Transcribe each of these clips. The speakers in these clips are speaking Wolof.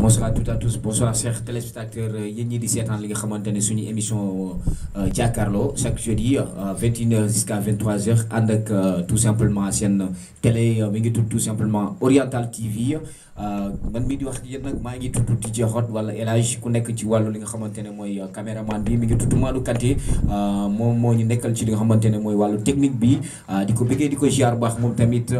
bonsoir à toutes à tous bonsoir chers téléspectateurs il y a seetaan li nga l'émission ne suñu émission Giacarlo, euh, chaque jeudi 21h euh, jusqu'à 23h euh, avec tout simplement chaîne télé mais tout simplement Oriental TV. Euh, man mi di wax yeen nak ma ngi tuddu DJ Hot wala Elage ku nek ci walu li nga xamantene moy euh, cameraman bi mi ngi tuddu Madou Kanté euh, mom mo ñu nekkal ci li nga xamantene moy walu technique bi diko bëggé diko ziar bax mom tamit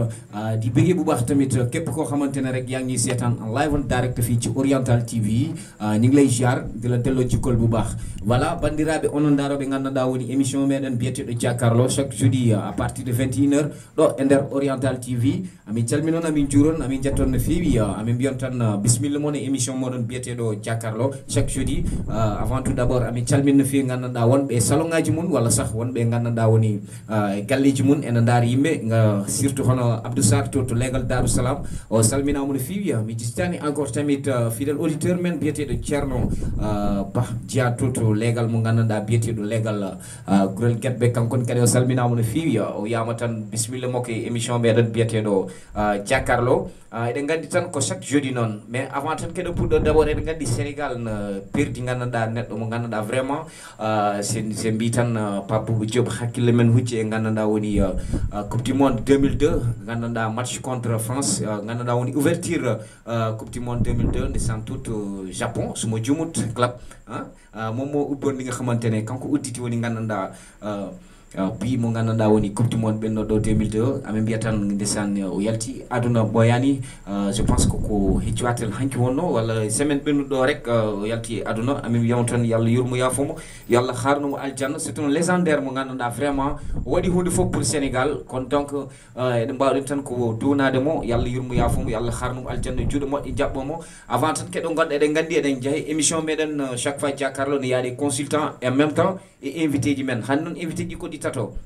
di bëggé bu bax tamit képp ko xamantene rek yaangi sétane en live on direct fi ci Oriental TV ñi ngi lay ziar di la delo ci kol bu bax voilà bandirabe onondaro be nganda da woni émission meden biete de Jakarlo chaque jeudi à partir de 21h do Ender Oriental TV ami calminon ami juron ami jetton fi amin mbiyon tan euh, bisimilla moon e émission moɗon biyeteɗo jakarlo chaque jeudi uh, avant tout d' abord amin calmin no fewi gandanɗa wonɓe salon ngaji mum walla sah wonɓe gandanɗa woni uh, galleji mum ena daara yimɓe uh, surtout hono abdou sar to to leygal darussalam o salminama no fewi mi jiditani encore tamit uh, fidèle auditeur men biyeteɗo ceerno uh, ba jeya to to leygal mo gandanɗa biyeteɗo leygal uh, gurel guetɓe kankoni kadi o salminama no fewi o yama tan bisimilla mokko e émission meɗen biyeteɗo uh, jakarlo Ah, eɗen gandi tan ko chaque jeudi noon mais avant tan keɗen puɗɗo d' abord eɗen gandi sénégal ne perdi gandanɗa neɗɗo mo gandanɗa vraiment se ah, se mbi tan ah, papoubo diob hakkille men hucci e gandanɗa woni coupe du monde 2002 gandanɗa match contre france gandanɗa woni ouverture coupe du monde 2002 nde sans toute japon somo jumut club momo ubbon ɗi nga xamantene kanko udditi woni gandanɗa uh, Ah, bi mo gandanɗa woni coupe du monde ɓenno ɗo 2002 amin mbiya tan o uh, yalti aduna boyani uh, je pense que ko heccu atel hanki wonno walla semaine do rek o uh, yalti aduna amin wiyamo yalla yo allah yalla yafomo yo aljanna c'est un légendaire mo gandanɗa vraiment wadi hunde fop pour senegal kon donc eɗen mbawɗen tan ko donade mo yalla allah yurmo yalla yo allah harnumo aljanna juuɗe moƴƴe jaɓɓomo avant tan kedo gonɗa de gandi eden jeehe émission meden chaque fois jakarlo ni yaade consultant et en même temps et invité ji men hannoon invité ji koɗi Tato.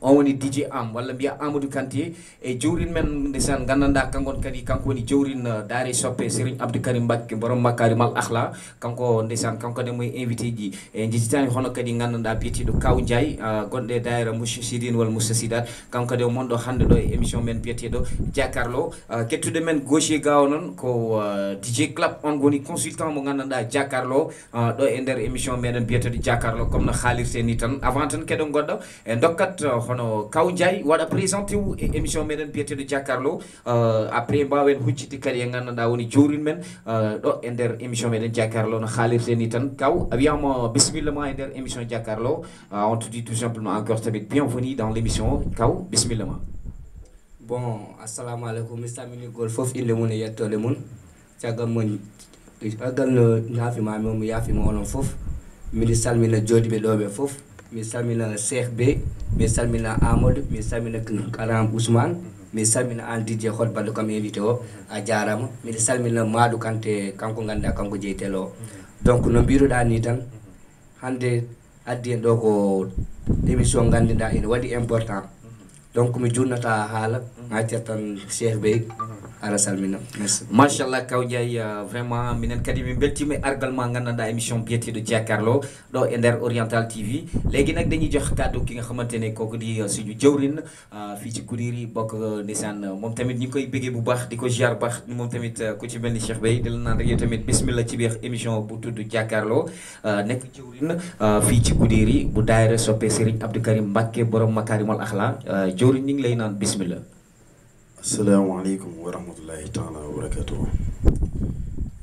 on woni dj am walla mbiya amadou kanté e jowrin men nde sen gandanɗa kankon kadi kanko woni jowrin uh, daré soppe sérigne abdoukarim bakke borom makkari mal ahla kanko nde sen kanko de moye invité ji e jiditani hono kadi gandanɗa biyeteɗo kaw diaye uh, gonɗe e daira moussieur sidine walla moussieur sidat kanko de monɗo hande ɗo e émission men biyeteɗo jakarlo uh, kettude men gauche gawo noon ko dj club on goni consultant mo gandanɗa jakarlo ɗo e nder émission meɗen biyeteɗo jakarlo comme no haalirte ni tan avant tan keɗe goɗɗo e dokkat hono kaw waɗa présenté wu e émission meɗen biyeteɗo jakarlo uh, après mbawen huccide kadi e gandanɗa woni jowrin men ɗo e nder émission meɗen jakarlo no haalirte ni tan kaw a wiyama uh, bisimilla ma e nder émission jakarlo uh, on te dit tout simplement encore tabit bienvenue dans l'émission kaw bisimilla ma bon assalamu aleykum mi saminigol foof inde mum e yettode mum caggal mon caggal no yaafimami o mi yaafima onon foof miɗi salmina joodiɓe ɗo ɓe fof misalnya Sheikh cheikh be mi salmina amadou karam Usman, misalnya Andi an dj hol ballo kam invité o kante kanko ganduɗa kanko jeytelo o donc no mbiruɗa tan hande addi en ɗo ko émission ganduɗa ene waɗi important donc mi arasalminam machallah kawƴay euh, vraiment minen kadi min beltima e argal ma daa émission biyeteɗo du ɗo e nder oriental tv leegui nag dañi jox kaddu ki nga xamantene kokodi euh, suñu jawrin euh, fii ci Goudiry bokk nisan moom tamit ñi koy béggee bu baax di ko ziar baax moom tamit ku ci mel ni Cheikh Bey di la naan tamit bismillah ci biir émission bu tudd jakarlo nekk jawrin fii ci Goudiry bu daayira soppe Serigne Abdou Karim Mbacké borom makarimal axla jawrin ñi ngi lay naan bismillah asalaamaaleykum wa rahmatullahi taala wa barakaatu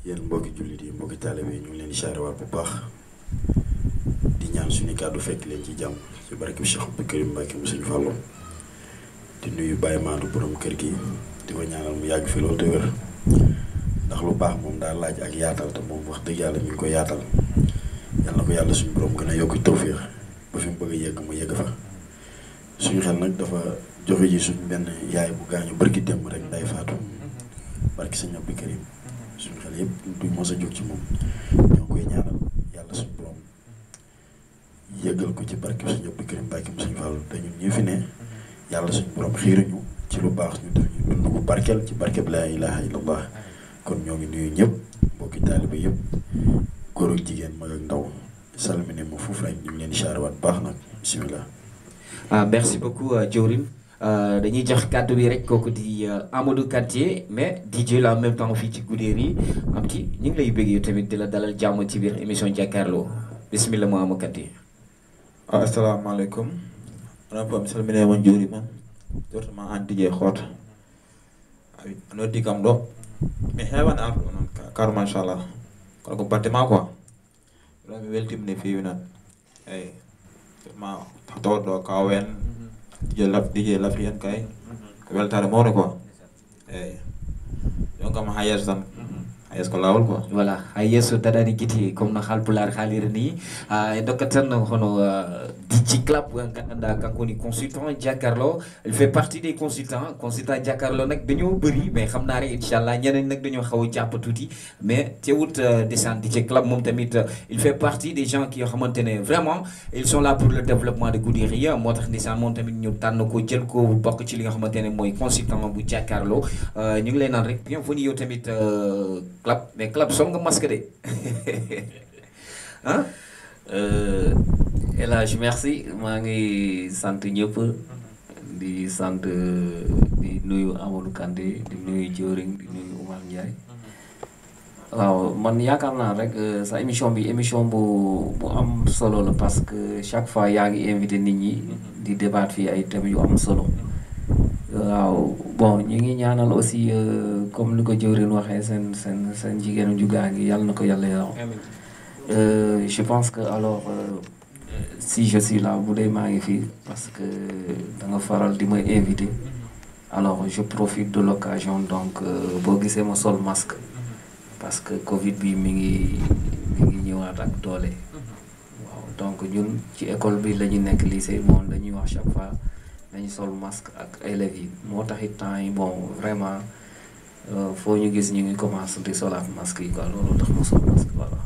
yéen mbokki jullit yi mbokki taalibe yi ñu ngi leen di saarewaat bu baax di ñaan suñu kàddu fekk leen ci jàmm ci barke bi Cheikh Abdou suñu fàllu di nuyu Baye Maadou borom kër gi di ko ñaanal mu yàgg fi loolu te ndax lu baax moom daal laaj ak yaatal te moom wax dëgg yàlla mi ngi ko yaatal yàlla ko yàlla suñu borom gën a yokk tawféex ba fi mu bëgg a mu yegg fa suñu xel nag dafa. joxe ji suñ benn yaay bu gaañu barki démb rek day faatu barki sëñ Abdou Karim suñ xel yëpp duñ mos a jóg ci moom ñoo koy ñaanal yàlla suñ borom yëgal ko ci barki sëñ Abdou Karim barki suñ fàllu te ñun ñi fi ne yàlla suñ borom xiiruñu ci lu baax ñu def ñu dund bu barkeel ci barkeb laa ilaha illallah kon ñoo ngi nuyu ñëpp mbokki taaliba yëpp góor ak jigéen mag ak ndaw salmi ne ma foofu ñu leen di chaarawaat baax nak bisimilah. ah merci beaucoup euh, Diorim. Euh, dañuy jox kàddu bi rek kooku di euh, Amadou Cartier mais DJ la en même temps fii ci Goudiry am ci ñu ngi lay bëggee tamit di la dalal jàmm ci biir émission jàkkaarloo bismillah mo Amadou Cartier. Ah, asalaamaaleykum. onopo mi salminema juurima jortoma an dj hoota noddi kam ɗo mi heewani arɗo noon kar machallah kono ko batte ma quoi ɗo mi weltima no feewi noon eyi jortma tawɗo kawen dije laf dije lafiyan kay weltare moore quoi eyi eh, donc kam hayata tan esko lawol quoi voilà hay yesso daɗani guiti comme no haalpulaar haaliri ni ah, e dokkat tan hono ci ah, Club gandanɗa kanko ni consultant Jakarlo il fait partie des consultants consultant Jakarlo nak dañu beuri mais xamna re inshallah ñeneen nak dañu xaw japp jàpp tuuti mais teewut ah, descend ci Club mom tamit il fait partie des gens qui yoo vraiment ils sont là pour le développement de Goudiry motax tax ndeysaan moom tamit ñu tan ko jël ko bok ci li nga xamantene moy consultant bu Jakarlo ñu ngi lay nan rek bienvenue yow tamit clap mais clap som nga masque de ah El Hadj merci maa ngi sant ñëpp di sant di nuyu Amadou Kanté nuyu Dioring nuyu Oumar Ndiaye waaw man yaakaar naa rek euh, sa émission bi émission bu bu am solo na parce que chaque fois yaa ngi invité nit ñi di débattre fii ay thèmes yu am solo waaw bon aussi euh, comme je pense que alors euh, si je suis là vous dee parce que da nga alors je profite de l'occasion donc euh, boo gisee ma sol masque parce que covid bi mi ngi mm-hmm. donc nous, ci école bi la ñu lycée chaque fois dañu sol masque ak élèves yi moo taxit temps yi bon vraiment euh, foo ñu gis ñu ngi commencé di solaat masque yi quoi loolu tax ma sol masque voilà.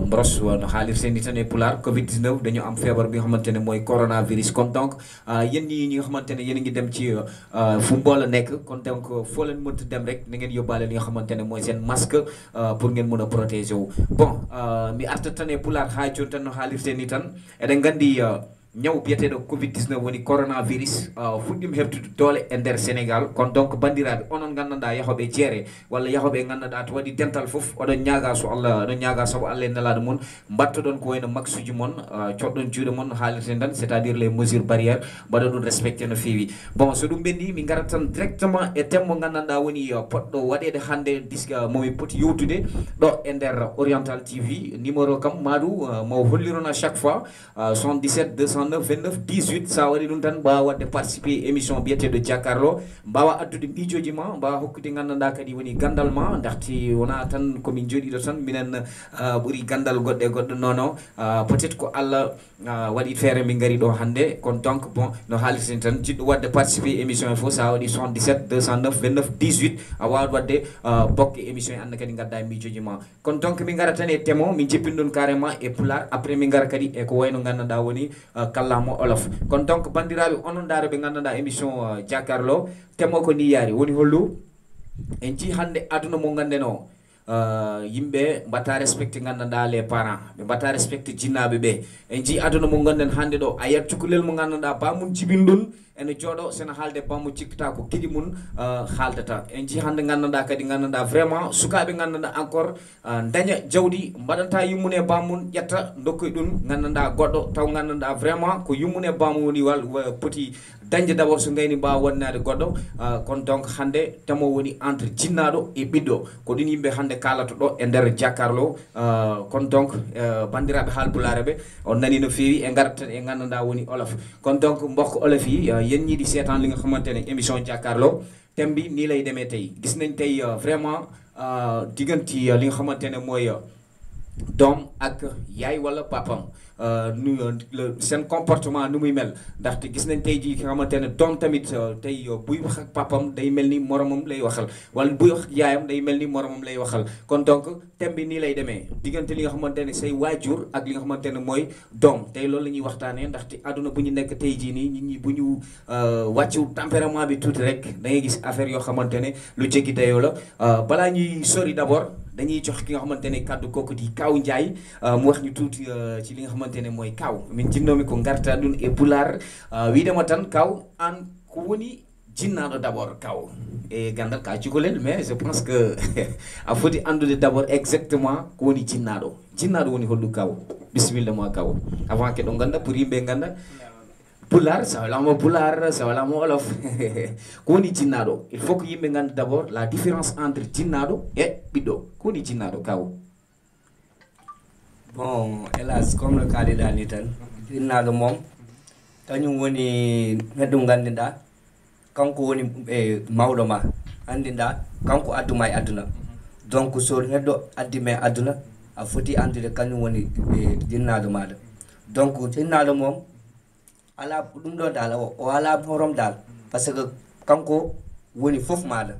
Mbros woon xaalir seen itam ne pular Covid 19 dañu am feebar bi nga xamante ne coronavirus kon donc ah, yéen ñi ñi nga xamante ne a ngi dem ci ah, fu mbool a nekk kon donc foo leen mënta dem rek na ngeen yóbbaale li nga xamante ne mooy seen masque ah, pour ngeen mën protéger wu bon mi artatane tan xaalir seen ñaw biyeteɗo covid 19 woni coronavirus uh, fuɗɗima heɓtude doole e nder Senegal, kono donc bandiraɓe onon gandanɗa yahoɓe jeere walla yahoɓe gandanɗa to waɗi dental foof oɗon ñaaga so allah oɗon ñaaga saabu allah e nelaɗo moon mbattoɗon ko wayno max uji moon uh, coɗɗon juuɗe moon haalirten tan c' est à dire les mesures barrières mbaɗa ɗum respecté no feewi bon so ɗum ɓenni min garat tan directement e temmo gandanɗa woni euh, poɗɗo waɗede hannde disque uh, momin poti yewtude ɗo e nder oriental tv numéro kam maɗou uh, mo hollirona chaque fois uh, 77 200 69 29 18 sa waɗi ɗum tan mbawa wadde participé e émission biyeteɗo jakarlo mbawa addude miijoji ma mbawa hokkude gandanɗa kadi woni gandal ma darti wona tan komin joɗiɗo tan minen ah, ɓuuri gandal goɗɗe e goɗɗo nono ah, peut être ko allah Ah, waɗi feere min ngari ɗo hannde kon donc bon no haalirten tan jiɗɗo wadde participé émission e fof sa waɗi 77 209 29 18 a wawat wadde ah, bokke émission e annda kadi ngadda e miijoji ma kon donc min ngara tan e temo min jippin ɗon carrément e pular après min ngara kadi eko wayno ngandanɗa woni ah, kallamo olof kon donc bandiraɓe onon daro ɓe ngandanɗa émission jakarlo temo ko ni yaari woni hollu en jii hannde aduna mo ngannden o Eh, yimɓe mbatta respecté gandanɗa les parents ɓe mbatta respecté jinnaɓe ɓe en jii aduna mo gonɗen hannde ɗo a yiyat cukalel mo gandanɗa bamum jibin ɗon ene jodo sene halde bammo cikta ko giɗi mum uh, haaldata en jii hannde nganndanɗa kadi nganndanɗa vraiment sukaaɓe nganndanɗa encore uh, daña jawɗi mbaɗanta yummune e yatta ƴetta dokkoye ngan nganndanɗa goddo taw nganndanɗa vraiment ko yummune e bammum woni wal poti dañde d' abord so ngayni mbawa wonnade goddo uh, kono donc hannde tamo woni entre jinnaɗo e biddo ko ɗin yimɓe hannde kalata ɗo e jakarlo kono donc bandiraɓe haalpulare ɓe on nani no feewi e garat tan e gandanɗa woni olaf kono donc mbokka olaf yi yéen ñii di seetaan li nga xamante ne émission jàkkaarloo thème bi nii lay demee tey gis nañ tey euh, vraiment euh, diggante euh, li nga xamante ne mooy doom ak yaay wala papam Euh, nu euh, seen comportement nu muy mel ndaxte gis nañ tey ji ki nga xamante ne doom tamit euh, tey buy wax ak papam day mel ni moromam lay waxal wala buy wax ak yaayam day mel ni moromam lay waxal kon donc thème bi nii lay demee diggante li nga xamante ne say waajur ak li nga xamante ne mooy doom tey loolu la ñuy waxtaanee ndaxte àdduna bu ñu nekk tey jii nii nit ñi bu ñu wàccu tempérament bi tuuti rek dangay gis affaire yoo xamante ne lu jéggi dayoo la balaa ñuy sori d'abord dañuy jox ki nga xamante ne kàddu kooku di Kaaw njaay mu wax ne moye kaw min jinnomi ko garta ɗum e pular ah, wiidema tan kaw an ko woni jinnaɗo d' kaw e gandal ka cukalel mais je pense que a foti andude d' abord exactement ko woni jinnaɗo jinnaɗo woni hollu kaw bisimilla ma kaw avant que ɗo ganda pour yimɓe ganda pular ça walama pular ça walama olof ko woni jinnaɗo il faut que yimɓe ganda d'abord la différence entre jinnaɗo et ɓiɗɗo ko woni jinnaɗo kaw bon hélas comme no kaaliɗani tan innaɗo mom, kañum woni heddum ganndinɗa kanko woni e mawɗo ma anndinɗa kanko adduma e aduna donc so neɗɗo addima e aduna a foti andude kañum woni jinnaɗo maɗa donc jinnaɗo moom ala ɗum ɗo dal o ala horom dal par ce que kanko woni fof maɗa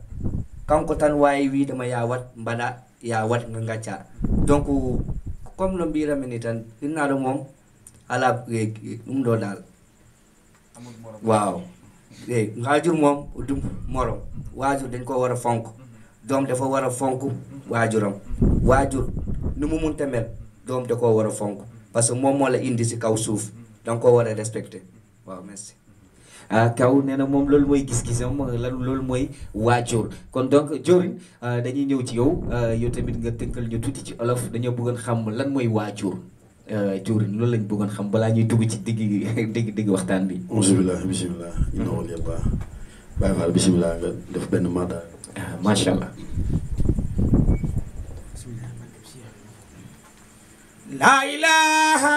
kanko tan wawi widema ya wat mbaɗa ya wat nga gacca donc comme no mbirami ni tan innaɗo moom ala ɗum ɗo waaw waajur moom ɗum morom waajur dañ koo war a fonk doom dafa war a fonk waajuram waajur nu mu mun mel doom da koo war a fonk parce que moom moo la indi si kaw suuf danga koo war respecte waaw Ah, kaw nee na moom loolu mooy gis-gisam loolu mooy waajur kon donc Diorin ah, dañuy ñëw ci yow ah, yow tamit nga tënkal ñu tuuti ci olof dañoo bëggoon xam lan mooy waajur Diorin loolu lañ bëggoon xam balaa ñuy dugg ci digg digg digg waxtaan bi. bisimilah bisimilah. inna wali allah. bàyyi faal bisimilah nga def benn mandat. macha allah. la ilaha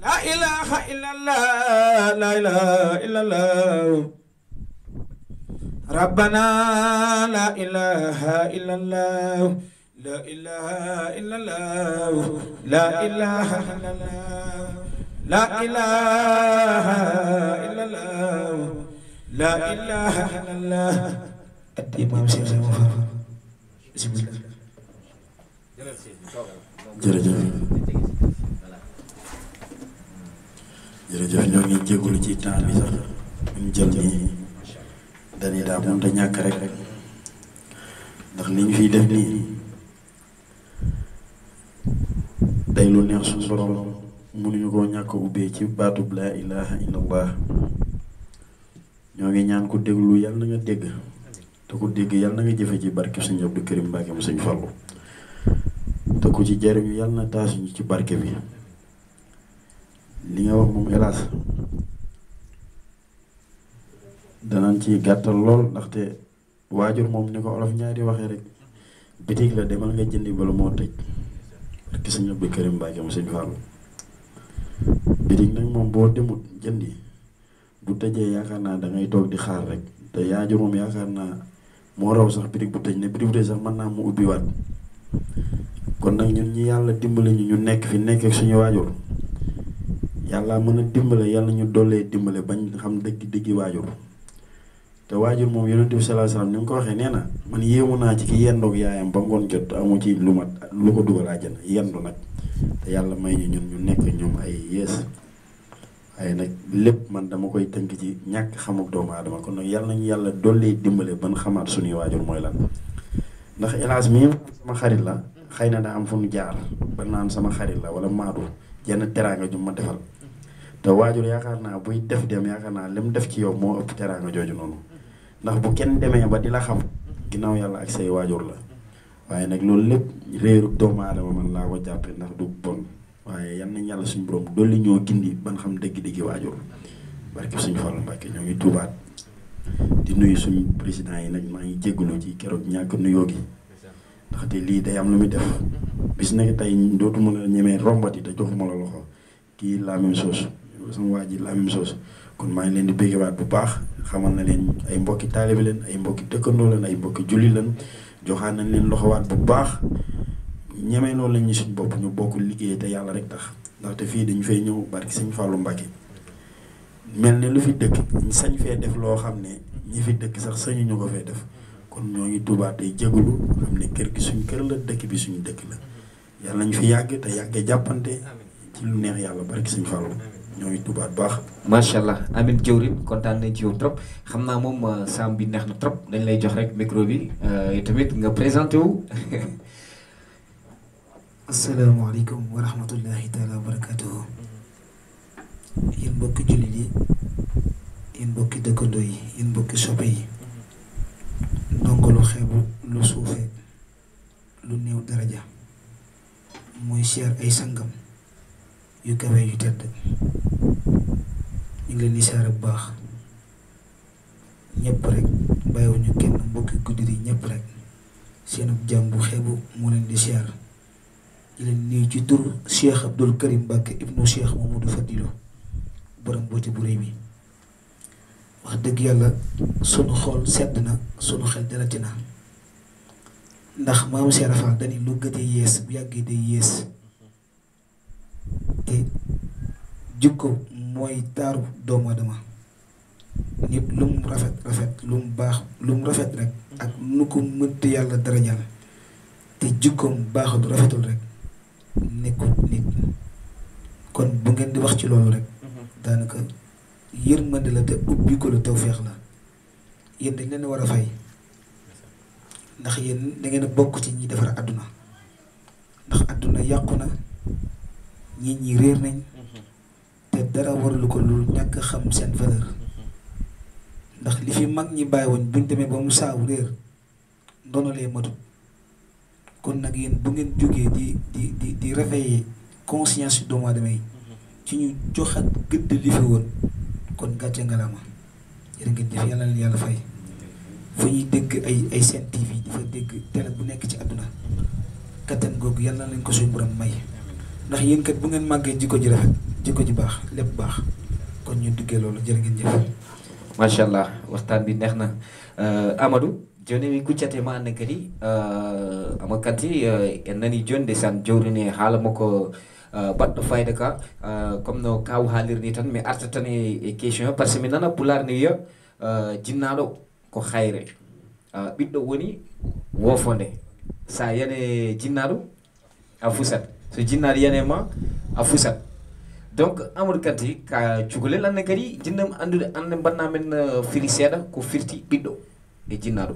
لا إله إلا الله لا إله إلا الله ربنا لا إله إلا الله لا إله إلا الله لا إله إلا الله لا إله إلا الله لا إله إلا الله بسم الله جرجر jërëjëf ñoo ngi jégalu ci temps bi sax ñu jël nii dañuy daa mënta ñàkk rek ndax li ñu fiy def nii day lu neex suñu borom mënuñu koo ñàkk ubbee ci baatub laa ilaha illallah ñoo ngi ñaan déglu na nga dégg te ku dégg na nga jëfe ci barke Karim mu te ku ci na taasuñu ci barke bi li nga wax moom hélas danañ ci gàttal lool ndaxte waajur moom ni ko olof ñaari waxee rek bitig la demal nga jëndi bala moo tëj ak gis nga Abdou Karim mu sëñ Fallou bitig nag moom boo demut jëndi bu tëjee yaakaar naa da ngay toog di xaar rek te yaajur moom yaakaar naa moo raw sax bitig bu tëj ne bitig bu tëj sax mën naa mu ubbiwaat kon nag ñun ñi yàlla dimbali ñu ñu nekk fi nekk suñu waajur yalla mën a dimbale yàlla ñu dollee dimbale bañ xam dëgg dëggi waajur te waajur moom yonente bi salaa salaam ni ko waxee nee na man yéemu naa ci ki yendoog yaayam ba ngoon jot amu ci lu mat lu ko dugal àjjana yendu nag te yàlla may ñu ñun ñu nekk ñoom ay yees waaye nag lépp man dama koy tënk ci ñàkk xamuk doomu aadama kon nag yàlla nañu dimbale ban xamaat suñuy waajur mooy lan ndax hélas mi sama xarit la xëy na daa am fu jaar ba naan sama xarit la wala maadu jenn teraanga ju ma defal te waajur yaakaar naa buy def dem yaakaar naa lim def ci yow moo ëpp teraanga jooju noonu ndax bu kenn demee ba di la xam ginnaaw yàlla ak say waajur la waaye nag loolu lépp réeru doomu aadama man laa ko jàppee ndax du bon waaye yal nañ yàlla suñu borom dolli ñoo gindi ban xam dëgg-dëgg waajur barke suñu Fallu Mbàkke ñoo ngi tuubaat di nuyu suñu président yi nag maa ngi jéggalu ci keroog ñàkk nuyoo gi ndaxte lii day am lu muy def bis nag tey dootu mën a rombati te joxuma la loxo kii la même chose sama waa ji la même chose kon maa ngi leen di waat bu baax xamal na leen ay mbokki taalibe leen ay mbokki dëkkandoo leen ay mbokki julli leen joxaan nañ leen loxowaat bu baax ñeme loolu lañ ñu suñ bopp ñu bokk liggéey te yàlla rek tax ndaxte fii dañu fay ñëw barki sëñ Fallou Mbacké mel ne lu fi dëkk sañ fee def loo xam ne ñi fi dëkk sax sañu ñu ko fee def kon ñoo ngi Tuubaa tey jégalu xam ne kër gi suñ kër la dëkk bi suñu dëkk la yàlla ñu fi yàgg te yàgg jàppante ci lu neex ñoo ngi tubaat baax macha allah amin jëwrin kontaan nañ ci yow trop xam naa moom euh, saam bi neex na trop dañ lay jox rek micro bi euh, et tamit nga présenté wu asalaamaaleykum wa rahmatullahi taala wa barakatuhu yéen mbokki jullit yi yéen mbokki dëkkandoo yi yéen mbokki soppe yi ndongo lu lu suufee lu néew daraja muy seer ay sangam yu kawe yu tedd ñu ngi leen di siyaare bu baax ñëpp rek bàyyiwuñu kenn mbokki guddir yi ñëpp rek seen jàmm xeebu moo leen di leen nuyu ci Cheikh Abdul Karim Mbacke ibnu Cheikh Mamadou Fadilo borom booti bu réy bi wax dëgg yàlla sunu xool sedd na sunu xel dalati na ndax maam Cheikh Rafal dañu lu yees bu yàggee day yees te jikko mooy taaru doomu adama nit lu rafet rafet lu baax lu mu rafet rek ak nu ko mënti yàlla darañal te baaxal baaxul rafetul rek nekkul nit kon bu ngeen di wax ci loolu rek mhm. daanaka yërmande la te ubbi ko lu feex la yéen dañ leen war a fay ndax yéen dangeen bokk ci ñi defar àdduna ndax àdduna yàqu na ñii ñi réer nañ te dara waralu ko lu ñàkk xam seen valeur ndax li fi mag ñi bàyyi woon buñ demee ba mu saaw réer ndono lay matut kon nag yéen bu ngeen jógee di di di di réveiller conscience doomu aadama yi ci ñu joxat gëdd li fi woon kon gàcce ngalaama yéen ngeen jëf yàlla na yàlla fay fu ñuy dégg ay ay seen TV dafa dégg télé bu nekk ci àdduna kattan googu yàlla nañ ko suñu borom may ndax yéen kat bu ngeen màggee jiko ji rafet jikko ji baax lépp baax kon ñu duggee loolu jërë ngeen jëf masha allah waxtaan bi neex na euh, amadou joni kuccate ma anne kadi euh, ama kadi euh, en nani joni ndesan jowrini haala makko baɗɗo fayida ka comme no kaw ni tan mi arta tan e question o que mi pular ni ko hayre biddo woni wofonde sa yane jinnaɗo a fusat so jinna aɗa yiyanema a fusat donc amadou kanti ka cukalel annde kadi jinnam andude annde mbanna men firi seeɗa ko firti ɓiɗɗo e jinnaɗo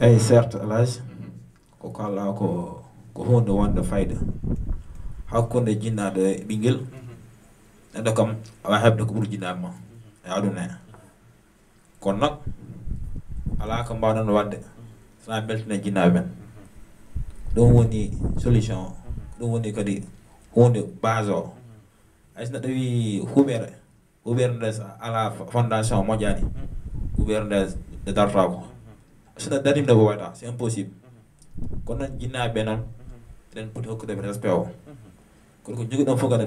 eyyi eh, certes alaj mhm. ko kalla ko ko hunde wonde fayida hakkude jinnaɗo e ɓinguel mhm. neɗɗo kam awa heɓde ko ɓuuri jinnaɗe ma mhm. e aduna kono noon ala ko mbawnon wadde sona beltine jinnaɓe men ɗum woni solution o ɗum woni kadi hunde base o hay so neɗɗo wi huɓere huɓere nde ala fondation moƴƴani huɓere nde nde dartako so neɗɗo darima nde ko wayta c'est impossible kono noon jinnaɓeɓe noon eɗen poti hokkudeɓe respect o kono ko jogui ɗon fof